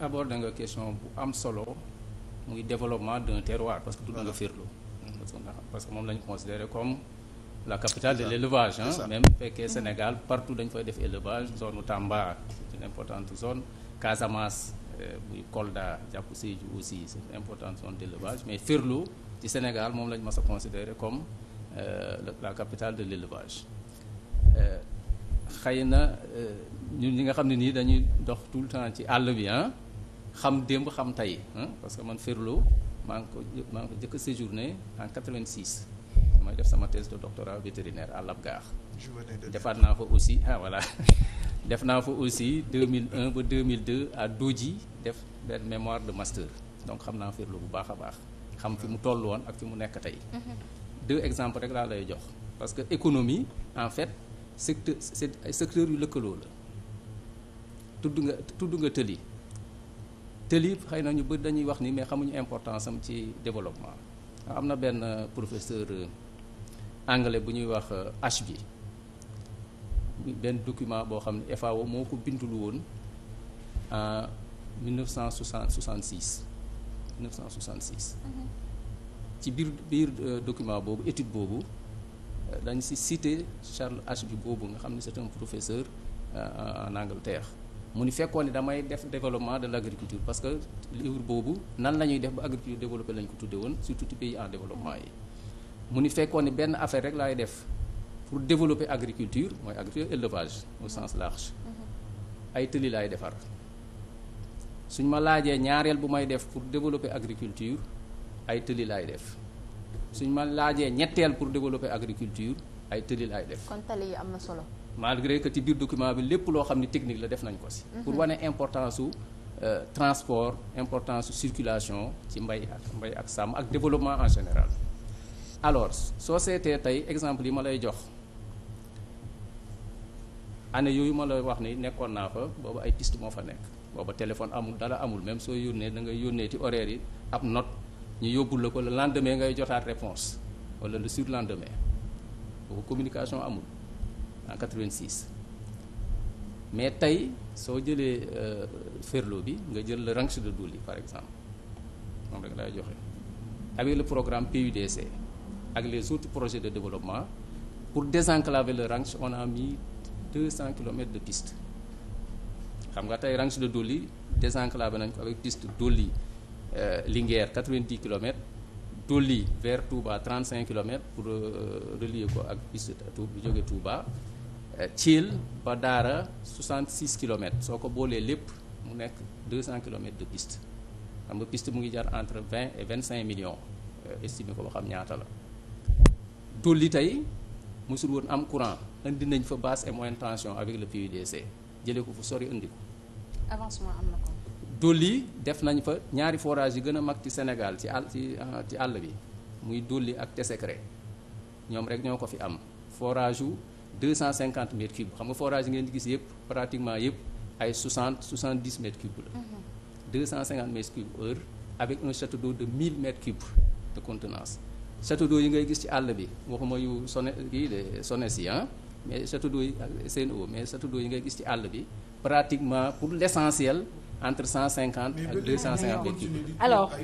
aborde nga question bu am solo muy développement d'un terroir parce que tudd nga Ferlo mm-hmm. parce que moom la ñu considéré comme la capitale de l'élevage hein même fekkee mm-hmm. Sénégal partout dañ fay def élevage zone Tamba c'est une importante zone Casamance buy euh, Kolda jàpp Sédhiou aussi c'est une importante zone d'élevage mais Ferlo ci Sénégal moom la ñu mas a considéré comme euh, la capital de l'élevage euh, xëy na ñun ñi nga xam ne nii dañuy dox tout le temps ci àll bi xam démb xam tey parce que man Ferlo maa ngi ko maa ngi ko jëkk a séjourné en def sama thèse de doctorat vétérinaire à Labgar defaat naa fa aussi ah voilà def naa fa aussi 2001 ba 2002 à Dodji def benn mémoire de master donc xam naa Ferlo bu baax a baax xam fi mu toll woon ak fi mu nekk tey deux exemples rek laa lay jox parce que économie en fait secteur c'est secteur yu lëkkaloo la tudd nga tudd nga tëli tëli xëy nañu bët dañuy wax ni mais xamuñu importance am ci développement am na benn professeur euh, anglais bu ñuy wax euh, bi benn document boo xam ne FAO moo ko bindulu woon en 1966 1966 mhm. ci biir biir euh, document boobu étude boobu dañ si cité Charles bi boobu nga xam ne c'est un professeur en Angleterre mu ni fekkoon ne damay def développement de l' agriculture parce que livre boobu nan la ñuy def ba agriculture développée lañ ko tudde woon surtout ci pays en développement yi mu ni fekkoon ne benn affaire rek laay def pour développer agriculture mooy agriculture élevage au sens large mm-hmm. ay tëli laay defar suñ ma laajee ñaareel bu may def pour développer agriculture ay tëli laay def suñ ma laajee ñetteel pour développer agriculture ay tëli laay def kon tali yi am na solo malgré que ci biir document bi lépp loo xam ne technique la def nañ ko si. Mhm. pour wane importance su euh, transport importance su circulation ci mbay ak mbay ak sàmm ak développement en général. alors soo seetee tey exemple yi ma lay jox année yooyu ma lay wax ni nekkoon naa fa boobu ay piste moo fa nekk booba téléphone amul dala amul même soo yónnee da ngay yónnee ci horaire yi ab not ñu yóbbul la ko le lendemain ngay jotaat réponse wala le surlendemain boobu communication amul. en 86 mais tey soo jëlee euh, ferlo bi nga jël le ranch de Douli par exemple moom rek laay joxe avec le programme PUDC ak les autres projets de développement pour désenclaver le ranch on a mis 200 kilomètres de piste xam nga tey ranch de Douli désenclavé nañ ko avec piste Douli euh, Linguère 90 kilomètres Douli vers Touba 35 kilomètres pour euh, relier ko ak piste Touba jóge Touba Euh, Thiel ba Daara 66 kilomètres soo ko boolee lépp mu nekk deux 200 kilomètres de piste xam nga piste mu ngi jar entre vingt et cinq millions euh, estimé ko ba xam ñaata la. Dolli tey mosul woon am courant indi nañ fa basse et moyenne tension avec le PUDC jëlee ko fu sori indi ko. avancement am na Dolli def nañ fa ñaari forage yi gën a mag ci Sénégal ci àll euh, ci àll bi muy Dolli ak Tessékéré ñoom rek ñoo ko fi am forage deux cent cinquante mètres cubes xam nga forage yi ngeen gis yëpp pratiquement yëpp ay soixante soixante dix mètres cubes la. Mhm. deux cent cinquante mètres cubes heure avec un château d'eau de mille mètres cubes de contenance château d'eau yi ngay gis ci àll bi waxuma yu sone kii de SONES yi ah mais château d'eau yi ak mais château d'eau yi ngay gis ci àll bi pratiquement pour l'essentiel entre cent cinquante ak deux cent cinquante